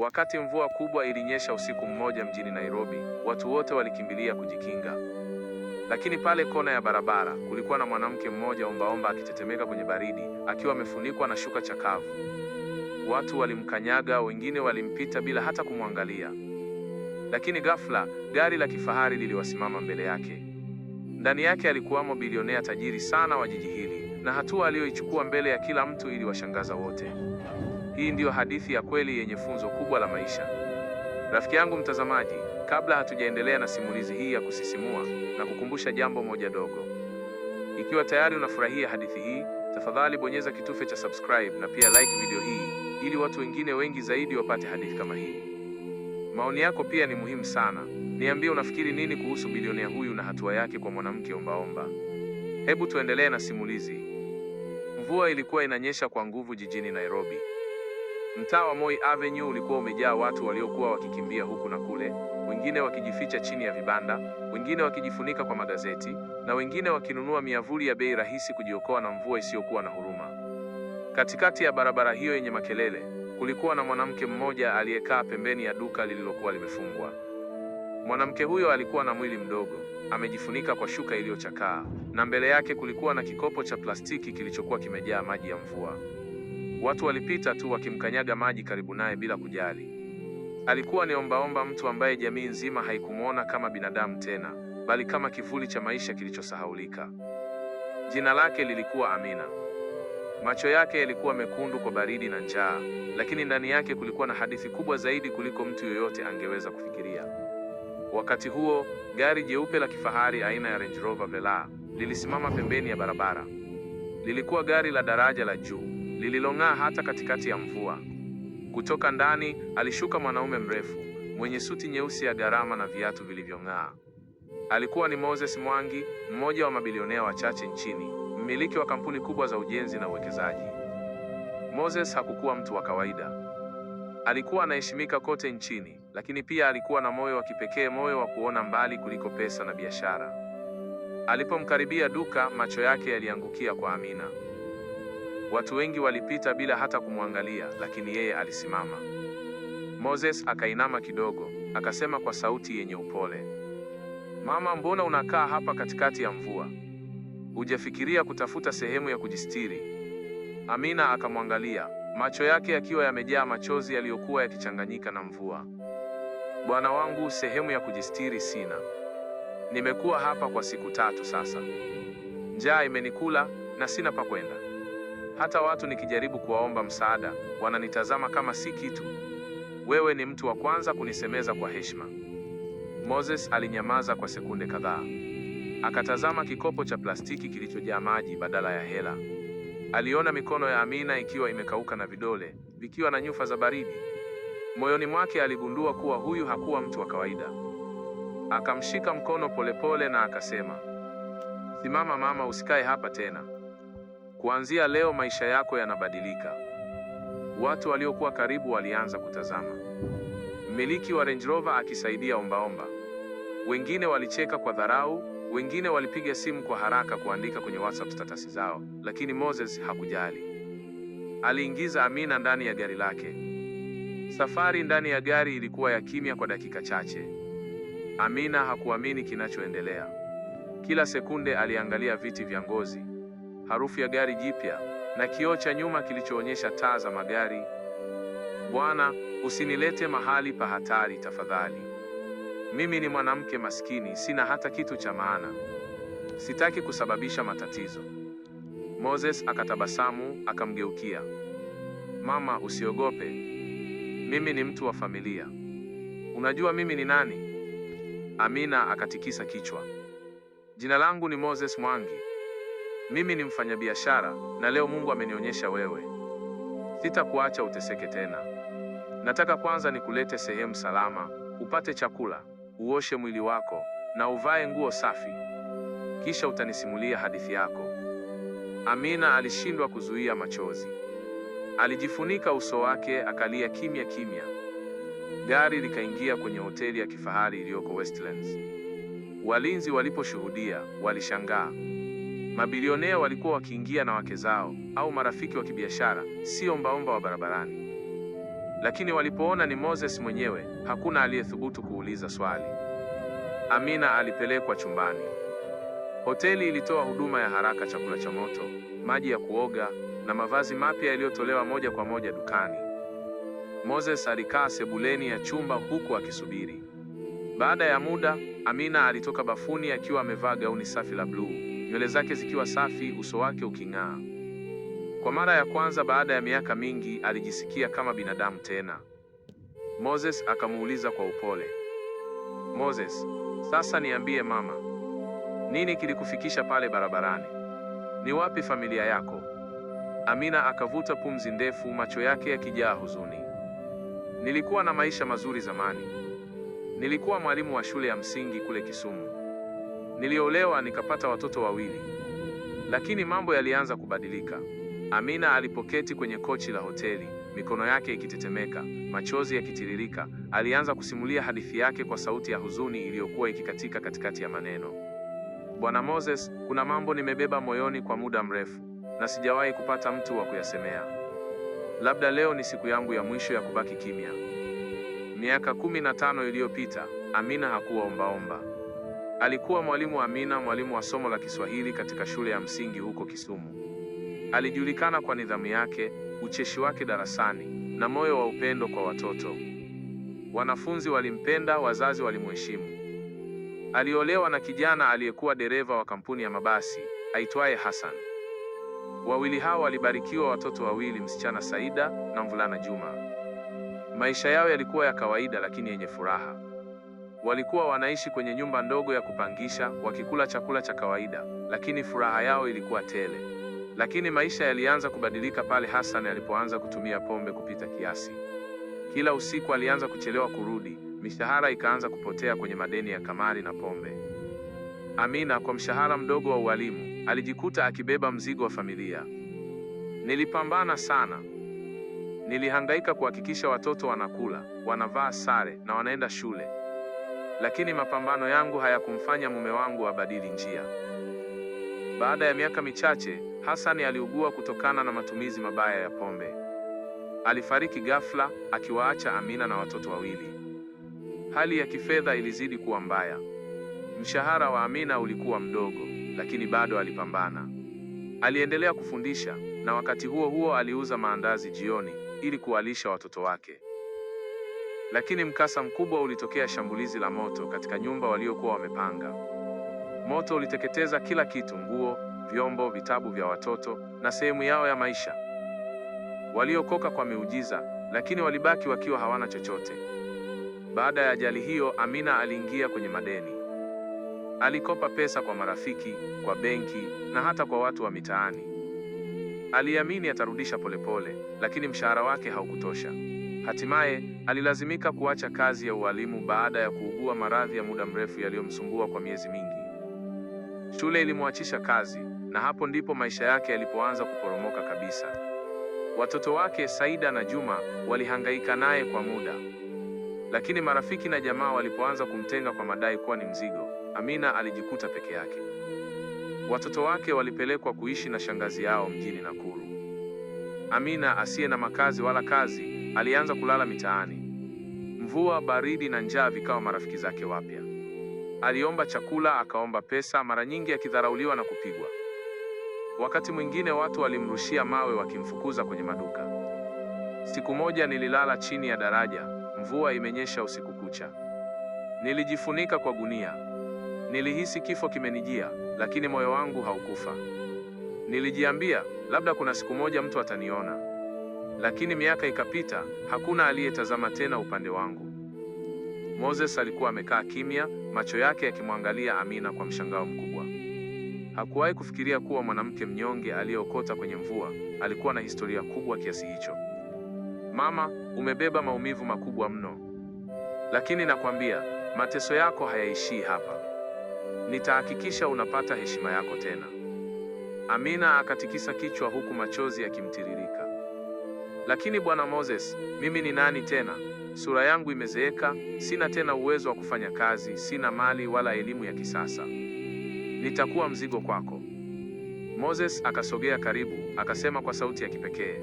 Wakati mvua kubwa ilinyesha usiku mmoja mjini Nairobi, watu wote walikimbilia kujikinga. Lakini pale kona ya barabara kulikuwa na mwanamke mmoja ombaomba akitetemeka kwenye baridi, akiwa amefunikwa na shuka chakavu. Watu walimkanyaga, wengine walimpita bila hata kumwangalia. Lakini ghafla, gari la kifahari liliwasimama mbele yake. Ndani yake alikuwamo bilionea tajiri sana wa jiji hili, na hatua aliyoichukua mbele ya kila mtu iliwashangaza wote. Hii ndiyo hadithi ya kweli yenye funzo kubwa la maisha. Rafiki yangu mtazamaji, kabla hatujaendelea na simulizi hii ya kusisimua, na kukumbusha jambo moja dogo. Ikiwa tayari unafurahia hadithi hii, tafadhali bonyeza kitufe cha subscribe na pia like video hii ili watu wengine wengi zaidi wapate hadithi kama hii. Maoni yako pia ni muhimu sana. Niambie unafikiri nini kuhusu bilionea huyu na hatua yake kwa mwanamke ombaomba. Hebu tuendelee na simulizi. Mvua ilikuwa inanyesha kwa nguvu jijini Nairobi. Mtaa wa Moi Avenue ulikuwa umejaa watu waliokuwa wakikimbia huku na kule, wengine wakijificha chini ya vibanda, wengine wakijifunika kwa magazeti na wengine wakinunua miavuli ya bei rahisi kujiokoa na mvua isiyokuwa na huruma. Katikati ya barabara hiyo yenye makelele, kulikuwa na mwanamke mmoja aliyekaa pembeni ya duka lililokuwa limefungwa. Mwanamke huyo alikuwa na mwili mdogo, amejifunika kwa shuka iliyochakaa na mbele yake kulikuwa na kikopo cha plastiki kilichokuwa kimejaa maji ya mvua. Watu walipita tu wakimkanyaga maji karibu naye bila kujali. Alikuwa ni ombaomba, mtu ambaye jamii nzima haikumwona kama binadamu tena, bali kama kivuli cha maisha kilichosahaulika. Jina lake lilikuwa Amina. Macho yake yalikuwa mekundu kwa baridi na njaa, lakini ndani yake kulikuwa na hadithi kubwa zaidi kuliko mtu yoyote angeweza kufikiria. Wakati huo, gari jeupe la kifahari aina ya Range Rover Velar lilisimama pembeni ya barabara. Lilikuwa gari la daraja la juu lililong'aa hata katikati ya mvua. Kutoka ndani alishuka mwanaume mrefu mwenye suti nyeusi ya gharama na viatu vilivyong'aa. Alikuwa ni Moses Mwangi, mmoja wa mabilionea wachache nchini, mmiliki wa kampuni kubwa za ujenzi na uwekezaji. Moses hakukuwa mtu wa kawaida. Alikuwa anaheshimika kote nchini, lakini pia alikuwa na moyo wa kipekee, moyo wa kuona mbali kuliko pesa na biashara. Alipomkaribia duka, macho yake yaliangukia kwa Amina. Watu wengi walipita bila hata kumwangalia, lakini yeye alisimama. Moses akainama kidogo, akasema kwa sauti yenye upole, Mama, mbona unakaa hapa katikati ya mvua? Hujafikiria kutafuta sehemu ya kujistiri? Amina akamwangalia, macho yake yakiwa yamejaa machozi yaliyokuwa yakichanganyika na mvua. Bwana wangu, sehemu ya kujistiri sina. Nimekuwa hapa kwa siku tatu sasa. Njaa imenikula na sina pa kwenda. Hata watu nikijaribu kuwaomba msaada, wananitazama kama si kitu. Wewe ni mtu wa kwanza kunisemeza kwa heshima. Moses alinyamaza kwa sekunde kadhaa, akatazama kikopo cha plastiki kilichojaa maji badala ya hela. Aliona mikono ya Amina ikiwa imekauka na vidole vikiwa na nyufa za baridi. Moyoni mwake aligundua kuwa huyu hakuwa mtu wa kawaida. Akamshika mkono polepole pole na akasema, simama mama, usikae hapa tena. Kuanzia leo maisha yako yanabadilika. Watu waliokuwa karibu walianza kutazama, mmiliki wa Range Rover akisaidia ombaomba. Wengine walicheka kwa dharau, wengine walipiga simu kwa haraka kuandika kwenye WhatsApp status zao, lakini Moses hakujali. Aliingiza Amina ndani ya gari lake. Safari ndani ya gari ilikuwa ya kimya kwa dakika chache. Amina hakuamini kinachoendelea. Kila sekunde aliangalia viti vya ngozi harufu ya gari jipya na kioo cha nyuma kilichoonyesha taa za magari. Bwana, usinilete mahali pa hatari tafadhali. Mimi ni mwanamke maskini, sina hata kitu cha maana. Sitaki kusababisha matatizo. Moses akatabasamu, akamgeukia. Mama, usiogope. Mimi ni mtu wa familia. Unajua mimi ni nani? Amina akatikisa kichwa. Jina langu ni Moses Mwangi. Mimi ni mfanyabiashara na leo Mungu amenionyesha wewe. Sitakuacha uteseke tena. Nataka kwanza nikulete sehemu salama, upate chakula, uoshe mwili wako na uvae nguo safi, kisha utanisimulia hadithi yako. Amina alishindwa kuzuia machozi, alijifunika uso wake, akalia kimya kimya. Gari likaingia kwenye hoteli ya kifahari iliyoko Westlands. Walinzi waliposhuhudia walishangaa. Mabilionea walikuwa wakiingia na wake zao au marafiki wa kibiashara, si ombaomba wa barabarani. Lakini walipoona ni Moses mwenyewe, hakuna aliyethubutu kuuliza swali. Amina alipelekwa chumbani. Hoteli ilitoa huduma ya haraka, chakula cha moto, maji ya kuoga na mavazi mapya yaliyotolewa moja kwa moja dukani. Moses alikaa sebuleni ya chumba huku akisubiri. Baada ya muda, Amina alitoka bafuni akiwa amevaa gauni safi la bluu nywele zake zikiwa safi, uso wake uking'aa. Kwa mara ya kwanza baada ya miaka mingi alijisikia kama binadamu tena. Moses akamuuliza kwa upole, Moses, sasa niambie mama, nini kilikufikisha pale barabarani? Ni wapi familia yako? Amina akavuta pumzi ndefu, macho yake yakijaa huzuni. Nilikuwa na maisha mazuri zamani. Nilikuwa mwalimu wa shule ya msingi kule Kisumu. Niliolewa nikapata watoto wawili, lakini mambo yalianza kubadilika. Amina alipoketi kwenye kochi la hoteli, mikono yake ikitetemeka, machozi yakitiririka, alianza kusimulia hadithi yake kwa sauti ya huzuni iliyokuwa ikikatika katikati ya maneno. Bwana Moses, kuna mambo nimebeba moyoni kwa muda mrefu na sijawahi kupata mtu wa kuyasemea. Labda leo ni siku yangu ya mwisho ya kubaki kimya. Miaka kumi na tano iliyopita Amina hakuwa ombaomba. Alikuwa mwalimu wa Amina, mwalimu wa somo la Kiswahili katika shule ya msingi huko Kisumu. Alijulikana kwa nidhamu yake, ucheshi wake darasani na moyo wa upendo kwa watoto. Wanafunzi walimpenda, wazazi walimheshimu. Aliolewa na kijana aliyekuwa dereva wa kampuni ya mabasi aitwaye Hassan. Wawili hao walibarikiwa watoto wawili, msichana Saida na mvulana Juma. Maisha yao yalikuwa ya kawaida lakini yenye furaha. Walikuwa wanaishi kwenye nyumba ndogo ya kupangisha, wakikula chakula cha kawaida, lakini furaha yao ilikuwa tele. Lakini maisha yalianza kubadilika pale Hassan alipoanza kutumia pombe kupita kiasi. Kila usiku alianza kuchelewa kurudi, mishahara ikaanza kupotea kwenye madeni ya kamari na pombe. Amina, kwa mshahara mdogo wa ualimu, alijikuta akibeba mzigo wa familia. Nilipambana sana. Nilihangaika kuhakikisha watoto wanakula, wanavaa sare na wanaenda shule lakini mapambano yangu hayakumfanya mume wangu abadili njia. Baada ya miaka michache, Hasani aliugua kutokana na matumizi mabaya ya pombe. Alifariki ghafla akiwaacha Amina na watoto wawili. Hali ya kifedha ilizidi kuwa mbaya. Mshahara wa Amina ulikuwa mdogo, lakini bado alipambana. Aliendelea kufundisha na wakati huo huo aliuza maandazi jioni ili kuwalisha watoto wake. Lakini mkasa mkubwa ulitokea, shambulizi la moto katika nyumba waliokuwa wamepanga. Moto uliteketeza kila kitu: nguo, vyombo, vitabu vya watoto na sehemu yao ya maisha. Waliokoka kwa miujiza, lakini walibaki wakiwa hawana chochote. Baada ya ajali hiyo, Amina aliingia kwenye madeni. Alikopa pesa kwa marafiki, kwa benki na hata kwa watu wa mitaani. Aliamini atarudisha polepole, lakini mshahara wake haukutosha. Hatimaye alilazimika kuacha kazi ya ualimu baada ya kuugua maradhi ya muda mrefu yaliyomsumbua kwa miezi mingi. Shule ilimwachisha kazi na hapo ndipo maisha yake yalipoanza kuporomoka kabisa. Watoto wake Saida na Juma walihangaika naye kwa muda, lakini marafiki na jamaa walipoanza kumtenga kwa madai kuwa ni mzigo, Amina alijikuta peke yake. Watoto wake walipelekwa kuishi na shangazi yao mjini Nakuru. Amina asiye na makazi wala kazi alianza kulala mitaani. Mvua, baridi na njaa vikawa marafiki zake wapya. Aliomba chakula, akaomba pesa, mara nyingi akidharauliwa na kupigwa. Wakati mwingine watu walimrushia mawe wakimfukuza kwenye maduka. Siku moja nililala chini ya daraja, mvua imenyesha usiku kucha. Nilijifunika kwa gunia. Nilihisi kifo kimenijia, lakini moyo wangu haukufa. Nilijiambia, labda kuna siku moja mtu ataniona. Lakini miaka ikapita, hakuna aliyetazama tena upande wangu. Moses alikuwa amekaa kimya, macho yake yakimwangalia Amina kwa mshangao mkubwa. Hakuwahi kufikiria kuwa mwanamke mnyonge aliyeokota kwenye mvua alikuwa na historia kubwa kiasi hicho. Mama, umebeba maumivu makubwa mno, lakini nakwambia mateso yako hayaishii hapa. Nitahakikisha unapata heshima yako tena. Amina akatikisa kichwa huku machozi yakimtiririka. Lakini bwana Moses, mimi ni nani tena? Sura yangu imezeeka, sina tena uwezo wa kufanya kazi, sina mali wala elimu ya kisasa. Nitakuwa mzigo kwako. Moses akasogea karibu, akasema kwa sauti ya kipekee,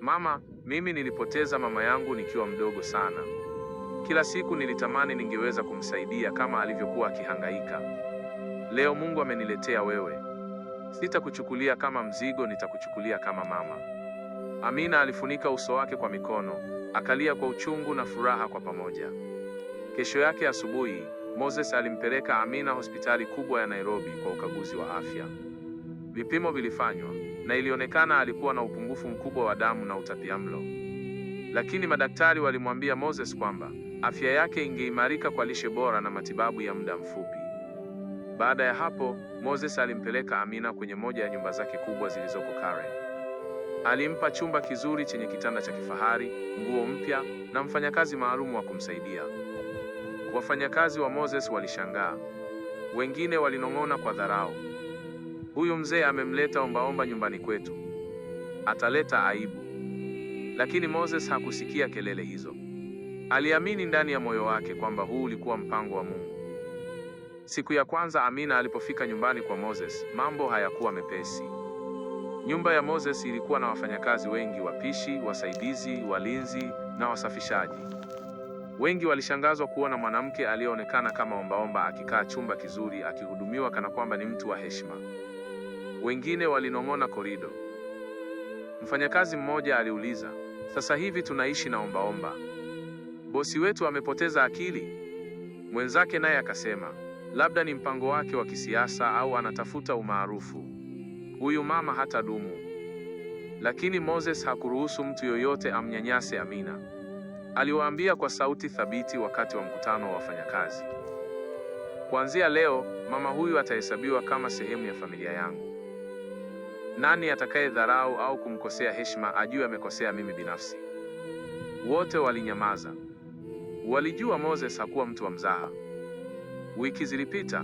Mama, mimi nilipoteza mama yangu nikiwa mdogo sana. Kila siku nilitamani ningeweza kumsaidia kama alivyokuwa akihangaika. Leo Mungu ameniletea wewe. Sitakuchukulia kama mzigo, nitakuchukulia kama mama. Amina alifunika uso wake kwa mikono, akalia kwa uchungu na furaha kwa pamoja. Kesho yake asubuhi, Moses alimpeleka Amina hospitali kubwa ya Nairobi kwa ukaguzi wa afya. Vipimo vilifanywa na ilionekana alikuwa na upungufu mkubwa wa damu na utapiamlo. Lakini madaktari walimwambia Moses kwamba afya yake ingeimarika kwa lishe bora na matibabu ya muda mfupi. Baada ya hapo, Moses alimpeleka Amina kwenye moja ya nyumba zake kubwa zilizoko Karen. Alimpa chumba kizuri chenye kitanda cha kifahari, nguo mpya na mfanyakazi maalum wa kumsaidia. Wafanyakazi wa Moses walishangaa, wengine walinong'ona kwa dharau, huyu mzee amemleta ombaomba nyumbani kwetu, ataleta aibu. Lakini Moses hakusikia kelele hizo. Aliamini ndani ya moyo wake kwamba huu ulikuwa mpango wa Mungu. Siku ya kwanza Amina alipofika nyumbani kwa Moses, mambo hayakuwa mepesi. Nyumba ya Moses ilikuwa na wafanyakazi wengi, wapishi, wasaidizi, walinzi na wasafishaji. Wengi walishangazwa kuona mwanamke aliyeonekana kama ombaomba akikaa chumba kizuri akihudumiwa kana kwamba ni mtu wa heshima. Wengine walinong'ona korido. Mfanyakazi mmoja aliuliza, sasa hivi tunaishi na ombaomba, bosi wetu amepoteza akili? Mwenzake naye akasema, labda ni mpango wake wa kisiasa au anatafuta umaarufu huyu mama hata dumu Lakini Moses hakuruhusu mtu yoyote amnyanyase Amina. Aliwaambia kwa sauti thabiti wakati wa mkutano wa wafanyakazi, kuanzia leo mama huyu atahesabiwa kama sehemu ya familia yangu. Nani atakayedharau au kumkosea heshima ajue amekosea mimi binafsi. Wote walinyamaza. Walijua Moses hakuwa mtu wa mzaha. Wiki zilipita,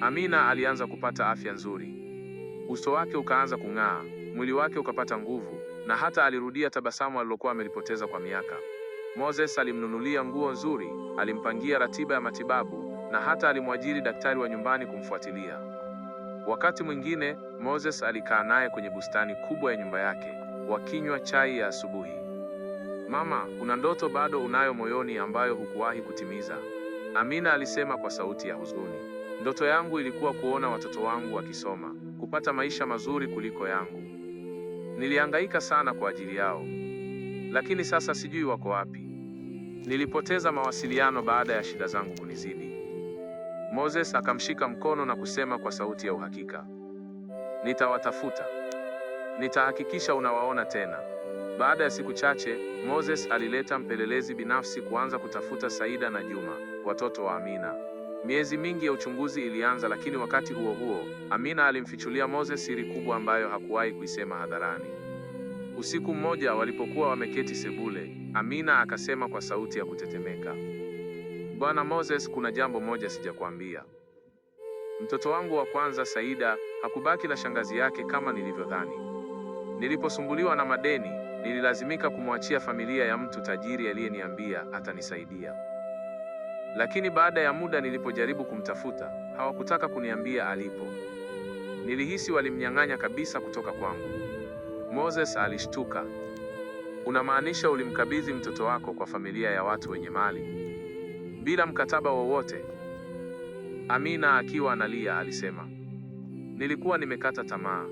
Amina alianza kupata afya nzuri. Uso wake ukaanza kung'aa, mwili wake ukapata nguvu, na hata alirudia tabasamu alilokuwa amelipoteza kwa miaka. Moses alimnunulia nguo nzuri, alimpangia ratiba ya matibabu na hata alimwajiri daktari wa nyumbani kumfuatilia. Wakati mwingine Moses alikaa naye kwenye bustani kubwa ya nyumba yake, wakinywa chai ya asubuhi. Mama, kuna ndoto bado unayo moyoni ambayo hukuwahi kutimiza, Amina alisema kwa sauti ya huzuni. Ndoto yangu ilikuwa kuona watoto wangu wakisoma kupata maisha mazuri kuliko yangu. Nilihangaika sana kwa ajili yao, lakini sasa sijui wako wapi. Nilipoteza mawasiliano baada ya shida zangu kunizidi. Moses akamshika mkono na kusema kwa sauti ya uhakika, nitawatafuta, nitahakikisha unawaona tena. Baada ya siku chache, Moses alileta mpelelezi binafsi kuanza kutafuta Saida na Juma, watoto wa Amina. Miezi mingi ya uchunguzi ilianza, lakini wakati huo huo Amina alimfichulia Moses siri kubwa ambayo hakuwahi kuisema hadharani. Usiku mmoja walipokuwa wameketi sebule, Amina akasema kwa sauti ya kutetemeka, Bwana Moses, kuna jambo moja sijakwambia. Mtoto wangu wa kwanza Saida hakubaki na shangazi yake kama nilivyodhani. Niliposumbuliwa na madeni, nililazimika kumwachia familia ya mtu tajiri aliyeniambia atanisaidia. Lakini baada ya muda nilipojaribu kumtafuta, hawakutaka kuniambia alipo. Nilihisi walimnyang'anya kabisa kutoka kwangu. Moses alishtuka. Unamaanisha ulimkabidhi mtoto wako kwa familia ya watu wenye mali bila mkataba wowote? Amina akiwa analia alisema, nilikuwa nimekata tamaa,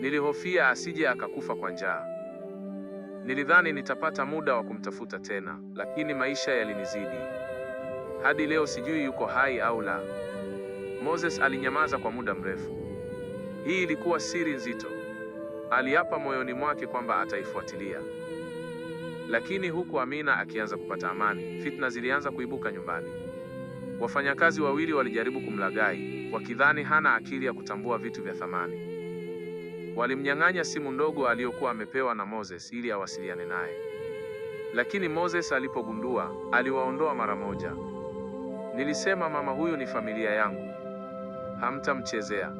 nilihofia asije akakufa kwa njaa. Nilidhani nitapata muda wa kumtafuta tena, lakini maisha yalinizidi. Hadi leo sijui yuko hai au la. Moses alinyamaza kwa muda mrefu. Hii ilikuwa siri nzito. Aliapa moyoni mwake kwamba ataifuatilia. Lakini huku Amina akianza kupata amani, fitna zilianza kuibuka nyumbani. Wafanyakazi wawili walijaribu kumlagai, wakidhani hana akili ya kutambua vitu vya thamani. Walimnyang'anya simu ndogo aliyokuwa amepewa na Moses ili awasiliane naye. Lakini Moses alipogundua, aliwaondoa mara moja. Nilisema mama huyu ni familia yangu, hamtamchezea.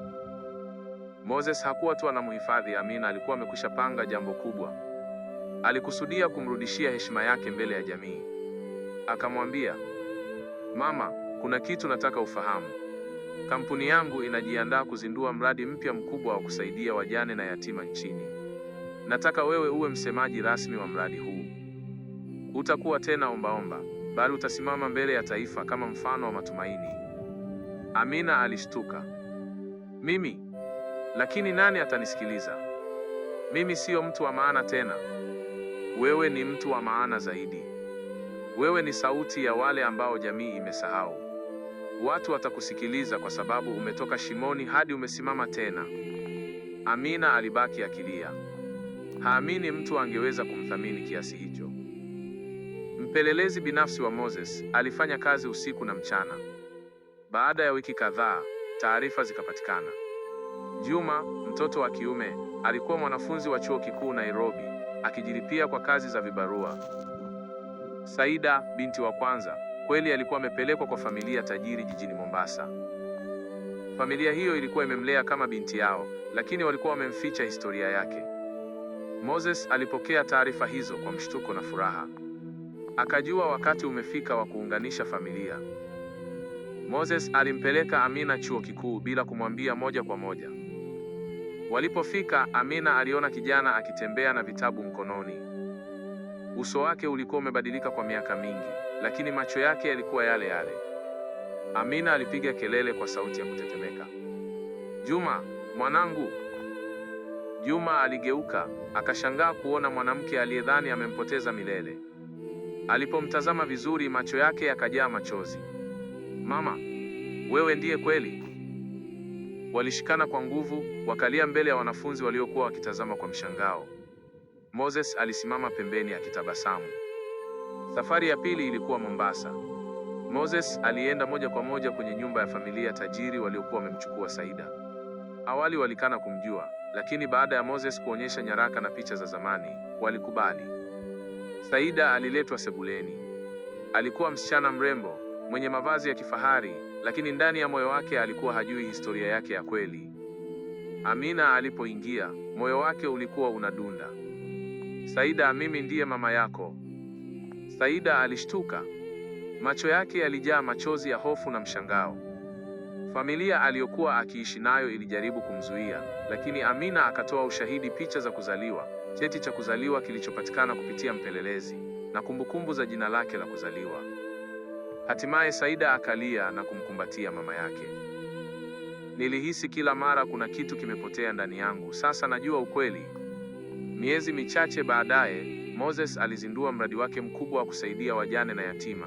Moses hakuwa tu anamhifadhi Amina, alikuwa amekwisha panga jambo kubwa. Alikusudia kumrudishia heshima yake mbele ya jamii. Akamwambia, mama, kuna kitu nataka ufahamu. Kampuni yangu inajiandaa kuzindua mradi mpya mkubwa wa kusaidia wajane na yatima nchini. Nataka wewe uwe msemaji rasmi wa mradi huu. Utakuwa tena ombaomba omba bali utasimama mbele ya taifa kama mfano wa matumaini. Amina alishtuka. Mimi? Lakini nani atanisikiliza? Mimi siyo mtu wa maana tena. Wewe ni mtu wa maana zaidi. Wewe ni sauti ya wale ambao jamii imesahau. Watu watakusikiliza kwa sababu umetoka shimoni hadi umesimama tena. Amina alibaki akilia. Haamini mtu angeweza kumthamini kiasi hicho. Mpelelezi binafsi wa Moses alifanya kazi usiku na mchana. Baada ya wiki kadhaa, taarifa zikapatikana. Juma, mtoto wa kiume, alikuwa mwanafunzi wa chuo kikuu Nairobi, akijilipia kwa kazi za vibarua. Saida, binti wa kwanza, kweli alikuwa amepelekwa kwa familia tajiri jijini Mombasa. Familia hiyo ilikuwa imemlea kama binti yao, lakini walikuwa wamemficha historia yake. Moses alipokea taarifa hizo kwa mshtuko na furaha. Akajua wakati umefika wa kuunganisha familia. Moses alimpeleka Amina chuo kikuu bila kumwambia moja kwa moja. Walipofika, Amina aliona kijana akitembea na vitabu mkononi. Uso wake ulikuwa umebadilika kwa miaka mingi, lakini macho yake yalikuwa yale yale. Amina alipiga kelele kwa sauti ya kutetemeka, Juma mwanangu! Juma aligeuka akashangaa kuona mwanamke aliyedhani amempoteza milele. Alipomtazama vizuri, macho yake yakajaa machozi. Mama, wewe ndiye kweli? Walishikana kwa nguvu, wakalia mbele ya wanafunzi waliokuwa wakitazama kwa mshangao. Moses alisimama pembeni akitabasamu. Safari ya pili ilikuwa Mombasa. Moses alienda moja kwa moja kwenye nyumba ya familia tajiri waliokuwa wamemchukua Saida. Awali walikana kumjua, lakini baada ya Moses kuonyesha nyaraka na picha za zamani, walikubali. Saida aliletwa sebuleni. Alikuwa msichana mrembo mwenye mavazi ya kifahari, lakini ndani ya moyo wake alikuwa hajui historia yake ya kweli. Amina alipoingia, moyo wake ulikuwa unadunda. Saida, mimi ndiye mama yako. Saida alishtuka. Macho yake yalijaa machozi ya hofu na mshangao. Familia aliyokuwa akiishi nayo ilijaribu kumzuia, lakini Amina akatoa ushahidi, picha za kuzaliwa cheti cha kuzaliwa kilichopatikana kupitia mpelelezi na kumbukumbu za jina lake la kuzaliwa. Hatimaye Saida akalia na kumkumbatia mama yake. Nilihisi kila mara kuna kitu kimepotea ndani yangu, sasa najua ukweli. Miezi michache baadaye, Moses alizindua mradi wake mkubwa wa kusaidia wajane na yatima.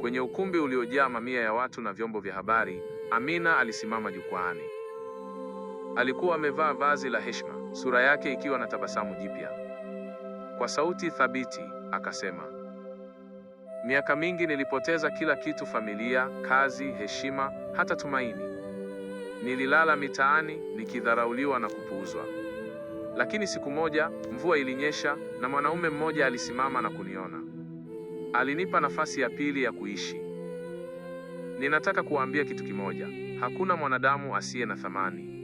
Kwenye ukumbi uliojaa mamia ya watu na vyombo vya habari, Amina alisimama jukwaani. Alikuwa amevaa vazi la heshima sura yake ikiwa na tabasamu jipya. Kwa sauti thabiti akasema, miaka mingi nilipoteza kila kitu: familia, kazi, heshima, hata tumaini. Nililala mitaani nikidharauliwa na kupuuzwa. Lakini siku moja mvua ilinyesha, na mwanaume mmoja alisimama na kuniona. Alinipa nafasi ya pili ya kuishi. Ninataka kuwaambia kitu kimoja: hakuna mwanadamu asiye na thamani.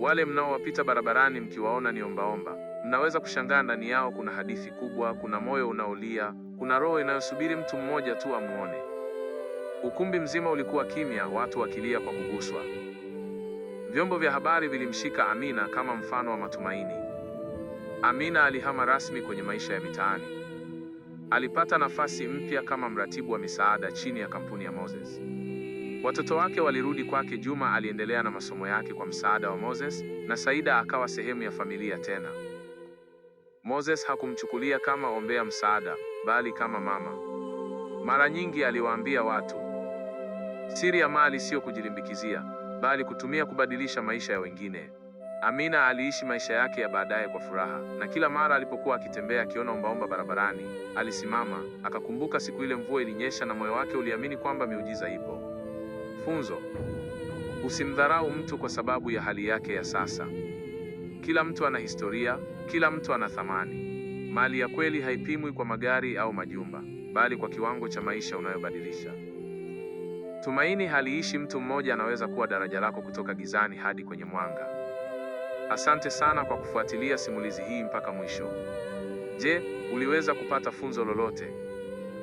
Wale mnaowapita barabarani mkiwaona ni ombaomba, mnaweza kushangaa ndani yao kuna hadithi kubwa, kuna moyo unaolia, kuna roho inayosubiri mtu mmoja tu amuone. Ukumbi mzima ulikuwa kimya, watu wakilia kwa kuguswa. Vyombo vya habari vilimshika Amina kama mfano wa matumaini. Amina alihama rasmi kwenye maisha ya mitaani. Alipata nafasi mpya kama mratibu wa misaada chini ya kampuni ya Moses. Watoto wake walirudi kwake. Juma aliendelea na masomo yake kwa msaada wa Moses na Saida akawa sehemu ya familia tena. Moses hakumchukulia kama ombea msaada, bali kama mama. Mara nyingi aliwaambia watu, siri ya mali siyo kujilimbikizia, bali kutumia kubadilisha maisha ya wengine. Amina aliishi maisha yake ya baadaye kwa furaha, na kila mara alipokuwa akitembea akiona ombaomba barabarani, alisimama akakumbuka siku ile mvua ilinyesha, na moyo wake uliamini kwamba miujiza ipo mafunzo. usimdharau mtu kwa sababu ya hali yake ya sasa. Kila mtu ana historia, kila mtu ana thamani. Mali ya kweli haipimwi kwa magari au majumba, bali kwa kiwango cha maisha unayobadilisha. Tumaini haliishi, mtu mmoja anaweza kuwa daraja lako kutoka gizani hadi kwenye mwanga. Asante sana kwa kufuatilia simulizi hii mpaka mwisho. Je, uliweza kupata funzo lolote?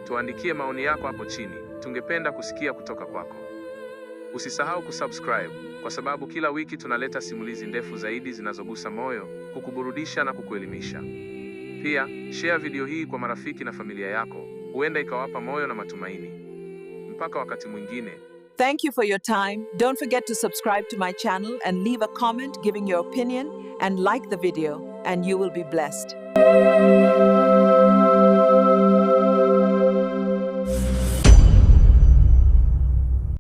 Tuandikie maoni yako hapo chini. Tungependa kusikia kutoka kwako. Usisahau kusubscribe kwa sababu kila wiki tunaleta simulizi ndefu zaidi zinazogusa moyo, kukuburudisha na kukuelimisha. Pia share video hii kwa marafiki na familia yako, huenda ikawapa moyo na matumaini. Mpaka wakati mwingine. Thank you for your time. Don't forget to subscribe to my channel and leave a comment giving your opinion and like the video and you will be blessed.